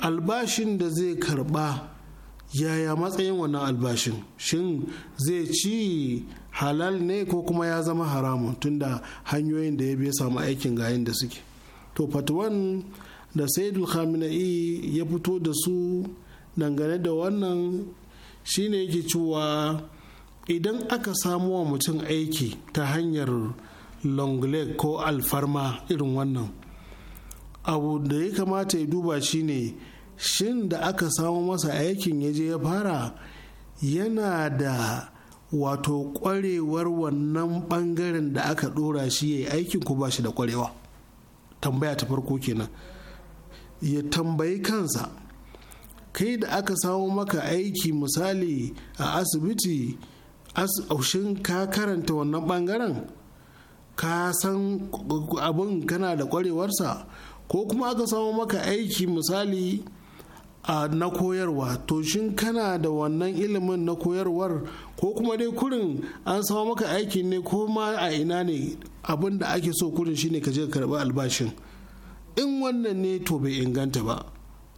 albashin da zai karba yaya matsayin wannan albashin shin zai ci halal ne ko kuma ya zama haramun tunda hanyoyin da ya biya samu aikin ga da suke to fatuwan da saidu khamenei ya fito da su dangane da wannan shine yake cewa idan aka samu wa mutum aiki ta hanyar long leg ko alfarma irin wannan abu da ya kamata ya duba shine shin da aka samu masa aikin ya je ya fara yana da wato kwarewar wannan bangaren da aka dora shi ya yi aikin ko ba shi da kwarewa tambaya ta farko kenan ya tambayi kansa kai da aka samu maka aiki misali a asibiti aushin ka karanta wannan bangaren ka san abin kana da kwarewarsa ko kuma aka samu maka aiki misali a na koyarwa to shin kana da wannan ilimin na koyarwar ko kuma dai kurin an samu maka aiki ne ko ma a ina ne abin da ake so kurin shine ka je ka karba albashin in wannan ne to bai inganta ba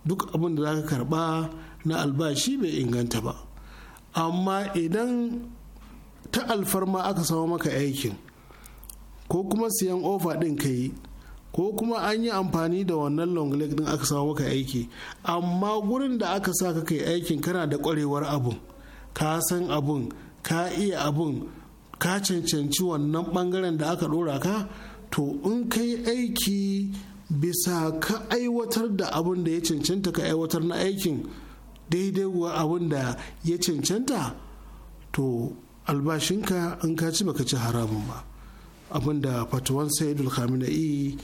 duk abin da za ka karba na albashi bai inganta ba amma idan ta alfarma aka samu maka aikin ko kuma siyan ofa ɗin ka yi ko kuma an yi amfani da wannan long leg ɗin aka samu maka aiki amma gurin da aka sa ka kai aikin kana da ƙwarewar abun ka san abun ka iya abun ka cancanci wannan ɓangaren da aka ɗora ka to in ka yi aiki bisa ka aiwatar da abun da ya cancanta ka aiwatar na aikin daidai abun da ya cancanta to albashinka in ka ci baka ci haramun ba abinda fatawan sayyidul khamenei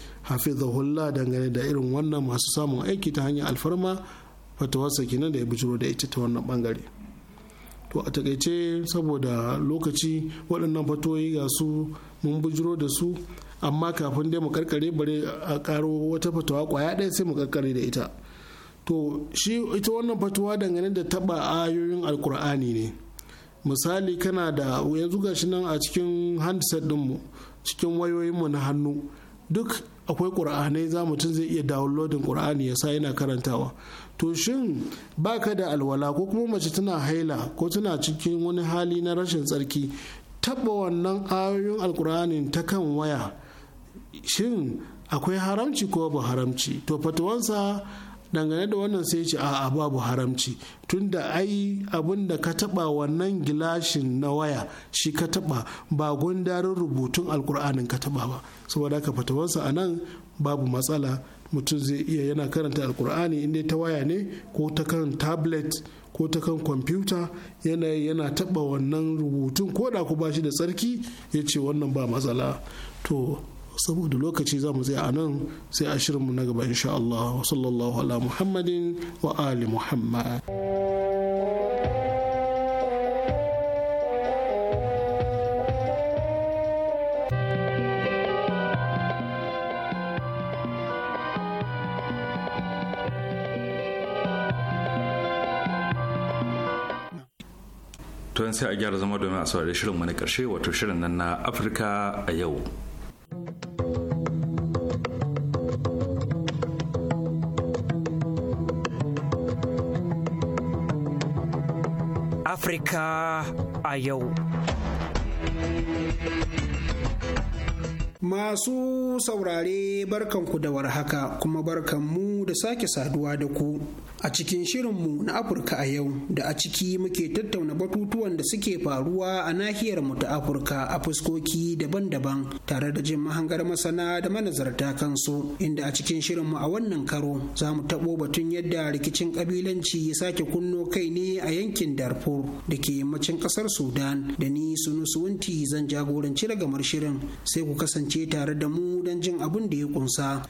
hulla dangane da irin wannan masu samun aiki ta hanyar alfarma fatawarsa kenan da ya bujuro da ita ta wannan bangare to a takaice saboda lokaci waɗannan fatoyi ga su mun bujiro da su amma kafin dai mu karkare bare a karo wata fatawa kwaya ɗaya sai mu karkare da ita to shi ita wannan fatawa dangane da taba ayoyin alkur'ani ne misali kana da yanzu gashi nan a cikin handset dinmu cikin wayoyinmu na hannu duk akwai ƙur'anai za mutum zai iya downloadin ƙur'ani ya sa yana karantawa to shin ka da alwala ko kuma mace tana haila ko tana cikin wani hali na rashin tsarki taba wannan ayoyin alkur'ani ta kan waya shin akwai haramci ko ba haramci to fatuwansa dangane da wannan sai ce a'a babu haramci tunda ai abin da ka taba wannan gilashin na waya shi ka taba ba gundarin rubutun alkur'anin ka taba ba saboda ka fatawarsa a nan babu matsala mutum zai iya yana karanta alkur'ani inda ta waya ne ko ta kan tablet ko ta kan kwamfuta yana yana taba wannan rubutun ko da ku ba shi da tsarki ya ce wannan ba matsala to saboda lokaci za mu zai a nan sai a shirinmu na gaba insha Allah wa sallallahu ala muhammadin wa ali muhammad tun sai a gyara zama domin a saurari shirin wani karshe wato shirin nan na afirka a yau afrika a yau. Masu saurare barkanku da warhaka kuma barkanmu da sake saduwa da ku a cikin shirinmu na Afirka a yau da a ciki muke tattauna batutuwan da suke faruwa a nahiyar mu ta Afirka a fuskoki daban-daban tare da jin mahangar masana da manazarta kansu inda a cikin shirinmu a wannan karo za mu taɓo batun yadda rikicin kabilanci ya sake kunno kai ne a yankin Darfur da ke yammacin ƙasar Sudan da ni su Sunusuwanti zan jagoranci ragamar shirin sai ku kasance tare da mu don jin abin da ya kunsa.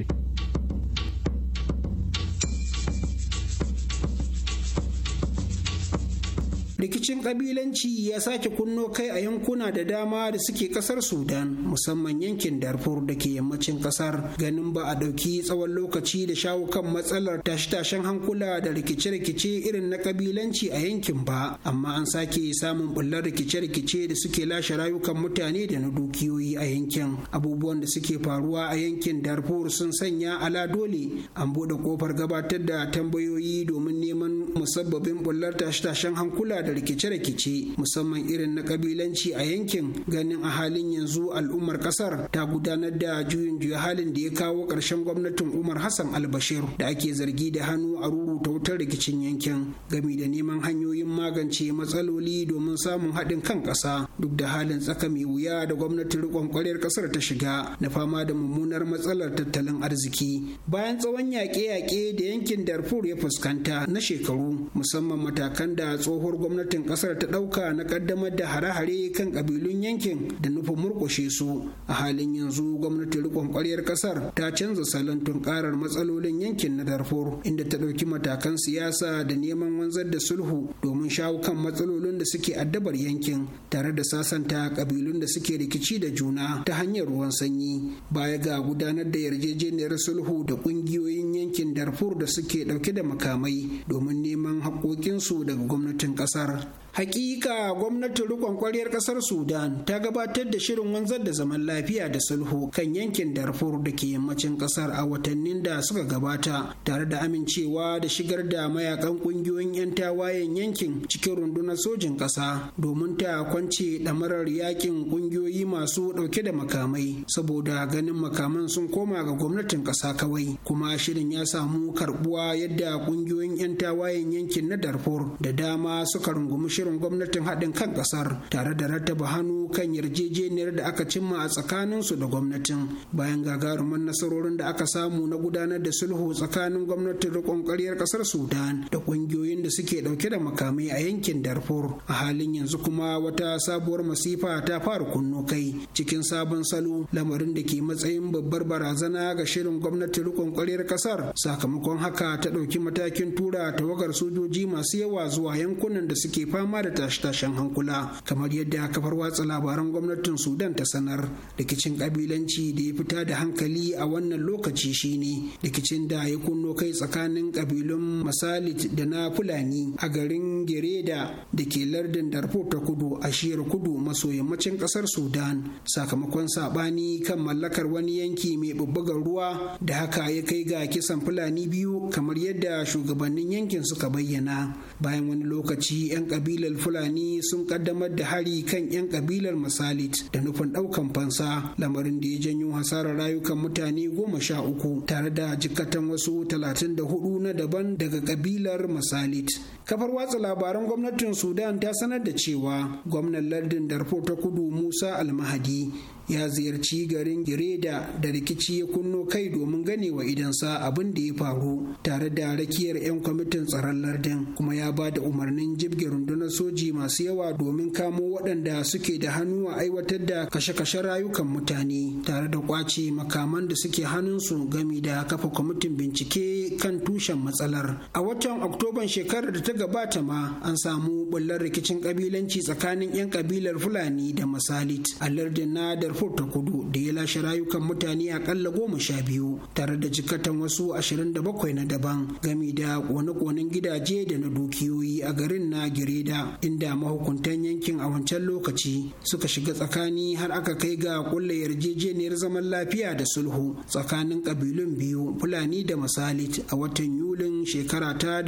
rikicin kabilanci ya sake kunno kai a yankuna da dama da suke kasar sudan musamman yankin darfur da ke yammacin kasar ganin ba a ɗauki tsawon lokaci da shawo kan matsalar tashe-tashen hankula da rikice-rikice irin na kabilanci a yankin ba amma an sake samun bullar rikice-rikice da suke lashe rayukan mutane da na dukiyoyi a yankin abubuwan da suke faruwa a yankin darfur sun sanya ala dole an buɗe kofar gabatar da tambayoyi domin neman musabbabin bullar tashe-tashen hankula da rikice-rikice musamman irin na kabilanci a yankin ganin a halin yanzu al'ummar kasar ta gudanar da juyin juya halin da ya kawo ƙarshen gwamnatin Umar Hassan Albashir da ake zargi da hannu a rubuta wutar rikicin yankin gami da neman hanyoyin magance matsaloli domin samun haɗin kan ƙasa duk da halin tsaka mai wuya da gwamnatin riƙon ƙwarriyar ƙasar ta shiga na fama da mummunar matsalar tattalin arziki bayan tsawon yaƙe-yaƙe da yankin Darfur ya fuskanta na shekaru musamman matakan da tsohuwar gwamnati gwamnatin kasar ta ɗauka na ƙaddamar da hare-hare kan ƙabilun yankin da nufin murkushe su a halin yanzu gwamnatin rikon ƙwaryar kasar ta canza salon tunkarar matsalolin yankin na darfur inda ta ɗauki matakan siyasa da neman wanzar da sulhu domin shawo kan matsalolin da suke addabar yankin tare da sasanta ƙabilun da suke rikici da juna ta hanyar ruwan sanyi baya ga gudanar da yarjejeniyar sulhu da ƙungiyoyin yankin darfur da suke ɗauke da makamai domin neman haƙoƙinsu daga gwamnatin ƙasa Gracias. Hakika gwamnatin rikon kwaryar kasar Sudan ta gabatar da shirin wanzar da zaman lafiya da sulhu kan yankin Darfur da ke yammacin kasar a watannin da suka gabata tare da amincewa da shigar da mayakan kungiyoyin 'yan tawayen yankin cikin rundunar sojin kasa domin ta kwance damarar yakin kungiyoyi masu dauke da makamai saboda ganin makaman sun koma ga gwamnatin kasa kawai kuma shirin ya samu karbuwa yadda kungiyoyin 'yan tawayen yankin na Darfur da dama suka rungumi shirin gwamnatin haɗin kan ƙasar tare da rattaba hannu kan yarjejeniyar da aka cimma a tsakaninsu da gwamnatin bayan gagarumin nasarorin da aka samu na gudanar da sulhu tsakanin gwamnatin riƙon ƙaryar ƙasar sudan da ƙungiyoyin da suke ɗauke da makamai a yankin darfur a halin yanzu kuma wata sabuwar masifa ta fara kunno kai cikin sabon salo lamarin da ke matsayin babbar barazana ga shirin gwamnatin riƙon ƙaryar ƙasar sakamakon haka ta ɗauki matakin tura tawagar sojoji masu yawa zuwa yankunan da suke fama fama da tashe-tashen hankula kamar yadda kafar watsa labaran gwamnatin sudan ta sanar rikicin kabilanci da ya fita da hankali a wannan lokaci shine rikicin da ya kunno kai tsakanin kabilun masalit da na fulani a garin gereda da ke lardin darfur ta kudu a shiyar kudu maso yammacin kasar sudan sakamakon sabani kan mallakar wani yanki mai bubbugar ruwa da haka ya kai ga kisan fulani biyu kamar yadda shugabannin yankin suka bayyana bayan wani lokaci 'yan kabilan kabilar fulani sun kaddamar da hari kan 'yan kabilar masalit da nufin daukan fansa lamarin da ya janyo hasarar rayukan mutane goma sha uku tare da jikatan wasu talatin da hudu na daban daga kabilar masalit kafar watsa labaran gwamnatin sudan ta sanar da cewa gwamnan lardin darfur ta kudu musa almahadi ya ziyarci garin gireda da rikici ya kunno kai domin ganewa idansa abin da ya faru tare da rakiyar 'yan kwamitin tsaron lardin kuma ya ba da umarnin jibge rundunar soji masu yawa domin kamo waɗanda suke da hannu a aiwatar da kashe-kashe rayukan mutane tare da kwace makaman da suke hannunsu gami da kafa kwamitin bincike kan tushen matsalar a watan oktoban shekarar da ta gabata ma an samu bullar rikicin kabilanci tsakanin 'yan kabilar fulani da masalit a lardin na darfur ta kudu da ya lashe rayukan mutane akalla goma sha biyu tare da jikatan wasu ashirin da bakwai na daban gami da kone-konen gidaje da na dukiyoyi a garin na gireda inda mahukuntan yankin a wancan lokaci suka shiga tsakani har aka kai ga kulle yarjejeniyar zaman lafiya da sulhu tsakanin kabilun biyu fulani da masalit a watan yulin shekara ta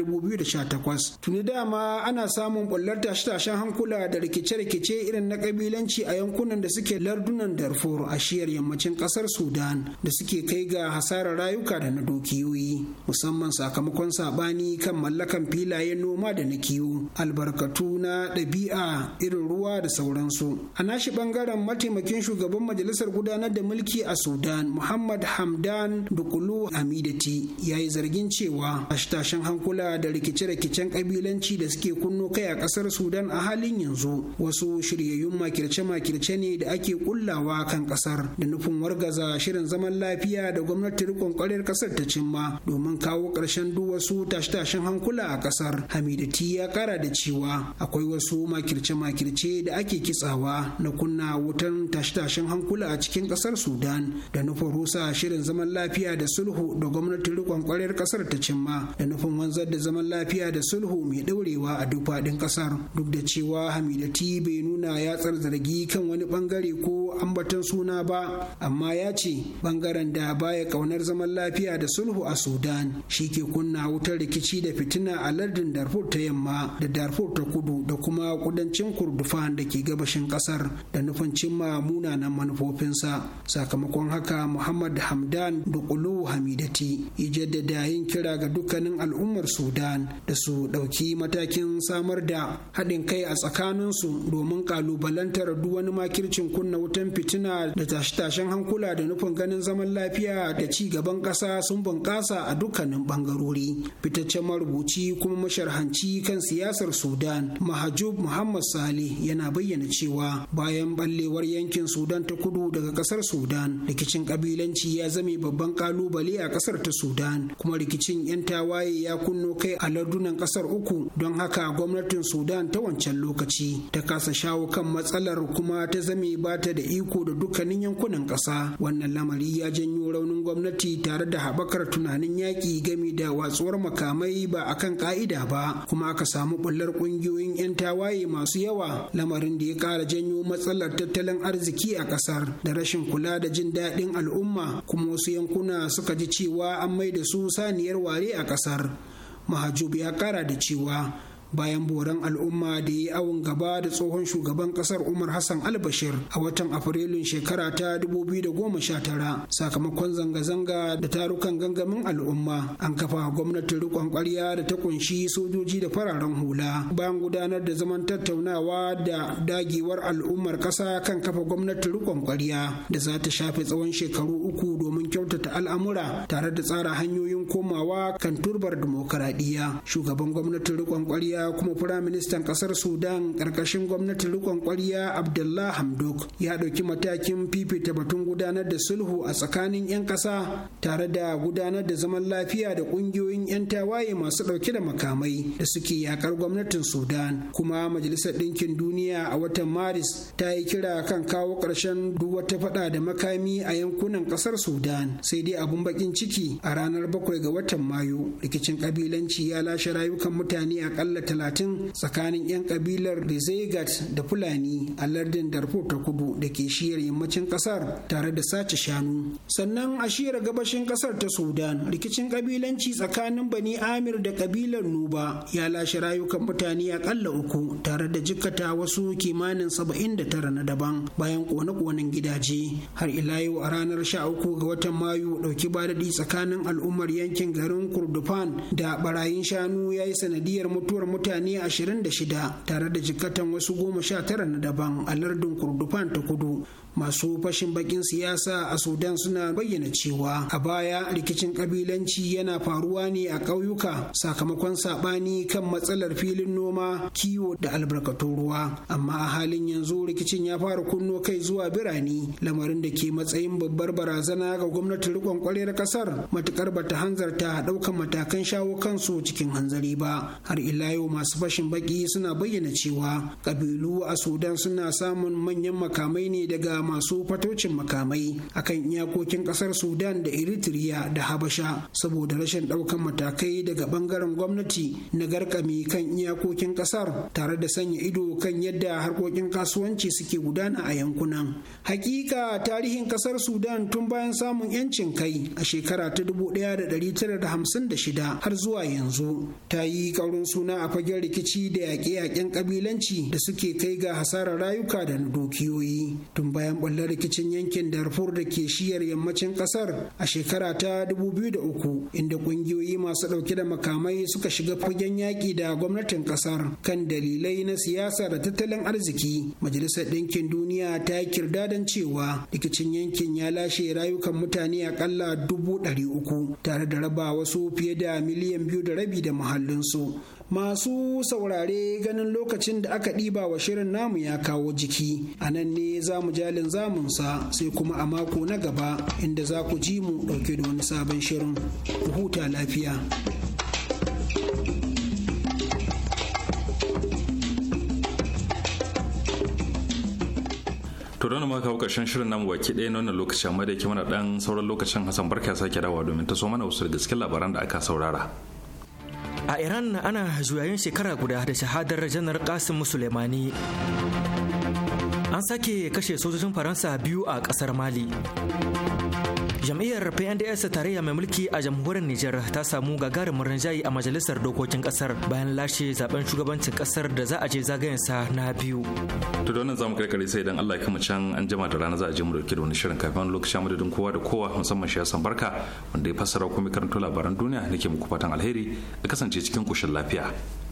takwas. tuni dama ana samun bullar tashe-tashen hankula da rikice-rikice irin na kabilanci a yankunan da suke lardunan darfur a shiyar yammacin kasar sudan da suke kai ga hasarar rayuka da na dukiyoyi musamman sakamakon sabani kan mallakan filayen noma da na kiwo albarkatu na ɗabi'a irin ruwa da sauransu a nashi bangaren mataimakin shugaban majalisar gudanar da mulki a sudan muhammad hamdan dukulu hamidati ya yi zargin cewa tashen hankula da rikice-rikicen kabilanci da suke kunno kai a kasar sudan a halin yanzu wasu shiryayyun makirce-makirce ne da ake kullawa fadawa kan kasar da nufin wargaza shirin zaman lafiya da gwamnati rikon kwarar kasar ta cimma domin kawo ƙarshen duk wasu tashe-tashen hankula a kasar hamidati ya kara da cewa akwai wasu makirce-makirce da ake kitsawa na kunna wutan tashe-tashen hankula a cikin kasar sudan da nufin rusa shirin zaman lafiya da sulhu da gwamnati rikon kwarar kasar ta cimma da nufin wanzar da zaman lafiya da sulhu mai ɗaurewa a duk faɗin kasar duk da cewa hamidati bai nuna yatsar zargi kan wani bangare ko an ambaton suna ba amma ya ce bangaren da baya kaunar zaman lafiya da sulhu a sudan shi ke kunna wutar rikici da fitina a lardin darfur ta yamma da darfur ta kudu da kuma kudancin kurdufan da ke gabashin kasar da nufin cimma munanan manufofinsa sakamakon haka muhammad hamdan da kulu hamidati ya jaddada yin kira ga dukkanin al'ummar sudan da su ɗauki matakin samar da haɗin kai a tsakaninsu domin ƙalubalantar duk wani makircin kunna wutan fitina fitina da tashe-tashen hankula da nufin ganin zaman lafiya da ci gaban ƙasa sun bunƙasa a dukkanin ɓangarori. Fitaccen marubuci kuma masharhanci kan siyasar Sudan, Mahajub Muhammad Saleh yana bayyana cewa bayan ɓallewar yankin Sudan ta kudu daga ƙasar Sudan, rikicin ƙabilanci ya zame babban ƙalubale a ƙasar ta Sudan, kuma rikicin 'yan tawaye ya kunno kai a lardunan ƙasar uku don haka gwamnatin Sudan ta wancan lokaci ta kasa shawo kan matsalar kuma ta zame ba ta da iko iko da dukkanin yankunan ƙasa wannan lamari ya janyo raunin gwamnati tare da haɓakar tunanin yaƙi gami, da watsuwar makamai ba a kan ƙa'ida ba kuma aka samu ɓullar ƙungiyoyin 'yan tawaye masu yawa lamarin da ya ƙara janyo matsalar tattalin arziki a ƙasar da rashin kula da jin daɗin al'umma kuma wasu yankuna suka ji cewa an mai da su saniyar ware a ƙasar mahajub ya ƙara da cewa bayan boran al'umma da ya yi awon gaba da tsohon shugaban kasar umar hassan albashir a watan afrilun shekara ta 2019 sakamakon zanga-zanga da tarukan gangamin al'umma an kafa gwamnatin rikon kwarya da ta kunshi sojoji da fararen hula bayan gudanar da zaman tattaunawa da dagewar al'ummar kasa kan kafa gwamnatin rikon kwarya da za ta shafe tsawon shekaru uku domin kyautata al'amura tare da tsara hanyoyin komawa kan turbar dimokuraɗiyya shugaban gwamnatin rikon kwarya Somaliya kuma ministan ƙasar Sudan ƙarƙashin gwamnatin rikon ƙwarya Abdullah Hamdok ya ɗauki matakin fifita batun gudanar da sulhu a tsakanin 'yan ƙasa tare da gudanar da zaman lafiya da ƙungiyoyin 'yan tawaye masu ɗauke da makamai da suke yakar gwamnatin Sudan kuma Majalisar Ɗinkin Duniya a watan Maris ta yi kira kan kawo ƙarshen duk wata faɗa da makami a yankunan ƙasar Sudan sai dai abun baƙin ciki a ranar bakwai ga watan Mayu rikicin ƙabilanci ya lashe rayukan mutane akalla talatin tsakanin 'yan kabilar Rizegat da Fulani a lardin Darfur ta kudu da ke shiyar yammacin kasar tare da sace shanu. Sannan a shiyar gabashin kasar ta Sudan rikicin kabilanci tsakanin Bani Amir da kabilar Nuba ya lashe rayukan mutane akalla uku tare da jikkata wasu kimanin saba'in da tara na daban bayan kone-konen gidaje har ila yau a ranar sha uku ga watan Mayu dauki badadi tsakanin al'ummar yankin garin Kurdufan da barayin shanu ya yi sanadiyar mutuwar mutane 26 tare da jikatan wasu goma sha tara na daban a lardin kurdufan ta kudu masu fashin bakin siyasa a sudan suna bayyana cewa a baya rikicin kabilanci yana faruwa ne a ƙauyuka sakamakon saɓani kan matsalar filin noma kiwo da albarkatun ruwa amma a halin yanzu rikicin ya fara kunno kai zuwa birane lamarin da ke matsayin babbar barazana ga gwamnatin rikon kwarar kasar matukar bata hanzarta ɗaukan matakan shawo kansu cikin hanzari ba har ila yau masu fashin baki suna bayyana cewa ƙabilu a sudan suna samun manyan makamai ne daga masu fatocin makamai akan iyakokin kasar sudan da eritrea da habasha saboda rashin ɗaukan matakai daga bangaren gwamnati na garkami kan iyakokin kasar tare da sanya ido kan yadda harkokin kasuwanci suke gudana a yankunan hakika tarihin kasar sudan tun bayan samun yancin kai a shekara ta da da tara hamsin shida har zuwa yanzu ta yi kaurin suna a fagen rikici da yaƙe-yaƙen ƙabilanci da suke kai ga hasarar rayuka da na dukiyoyi bayan ɓullar rikicin yankin darfur da ke shiyar yammacin ƙasar a shekara ta 2003 inda ƙungiyoyi masu ɗauke da makamai suka shiga fagen yaƙi da gwamnatin ƙasar kan dalilai na siyasa da tattalin arziki majalisar ɗinkin duniya ta yi kirdadan cewa rikicin yankin ya lashe rayukan mutane aƙalla uku, tare da raba wasu fiye da miliyan biyu da rabi da muhallinsu Masu saurare ganin lokacin da aka ɗiba wa shirin namu ya kawo jiki, a nan ne za mu jalin zamunsa sai kuma a mako na gaba inda za ku ji mu ɗauke da wani sabon shirin. huta lafiya. to don ma kawo karshen shirin namu baki ɗaya na wannan lokaci amma da yake mana ɗan sauran lokacin Hassan barka ya sake dawa domin ta so mana wasu da gaske labaran da aka saurara. a iran ana juyayin shekara guda da shahadar janar kasim musulmani an sake kashe sojojin faransa biyu a kasar mali jam'iyyar pnds tarayya mai mulki a jamhuriyar nijar ta samu gagarumin rinjaye a majalisar dokokin kasar bayan lashe zaben shugabancin kasar da za a je zagayen sa na biyu to da wannan zamu kai kare sai idan Allah ya kama can an jima da rana za a je mu dauke da wani shirin kafin lokacin madadin kowa da kowa musamman shi san Barka wanda ya fassara kuma karanto labaran duniya nake muku fatan alheri a kasance cikin koshin lafiya